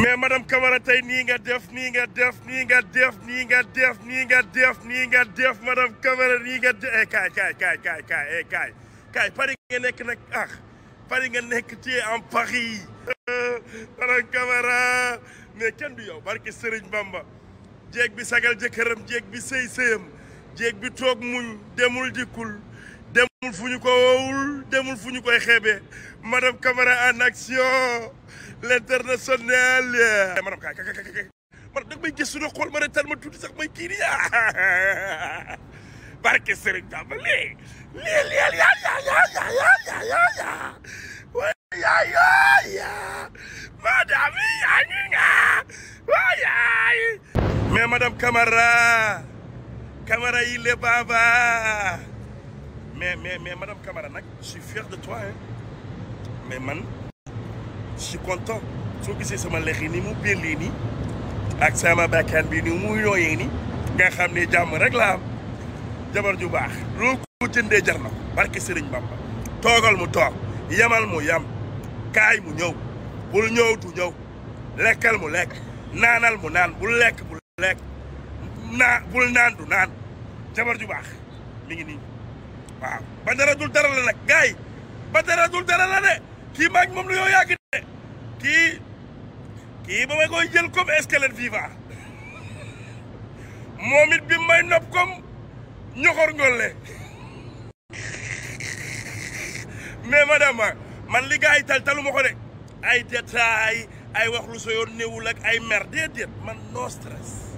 mais madame kamara tey nii nga def nii nga def nii nga def nii nga def nii nga def nii nga def madame Camara nii nga def eh, kaay kaay kaay kaay eh, kaay kaay Paris nga nekk nag ah Paris nga nekk ci en Paris madame Camara mais kenn du yow barke Serigne Bamba jéeg bi sagal jëkkëram jéeg bi sëy sëyam bi toog muñ demul dikkul demul fu ñu ko woowul demul fu ñu koy xeebee madame Camara en action l' international. maanaam kaay kaay kaay maanaam danga may gëstu nag xool ma retaan ma tuuti sax may kii nii barke Serigne Bamba lii lii lii yaa yaa yaa yaa yaa yaa yaa yaa waaye yaa yaa yaa madame yaa ñu nga waaye. mais madame Camara Camara il est baba mais mais mais madame Camara nag je suis fier de toi hein mais man. je suis content soo sama lex yi ni mu bellee nii ak sama bakkan bi ni mu yooyee nii nga xam jàmm rek laa jabar ju baax loo ko jëndee jar na ko barke Sëriñ Bamba toogal mu toog yamal mu yam kaay mu ñëw bul ñëw du ñëw lekkal mu lekk naanal mu naan bul lekk bul lekk naa bul naan du naan jabar ju baax mi ngi nii waaw ba dara dara la nag gars yi ba dara la de kii maag moom lu yow kii kii ba may koy jël comme squelette vivant moom it bi may nopp kom ñoxor ngolle mais madame man li gars yi tal talu ma ko de ay ay wax lu so yoon néewul ay mer déedéet man no stress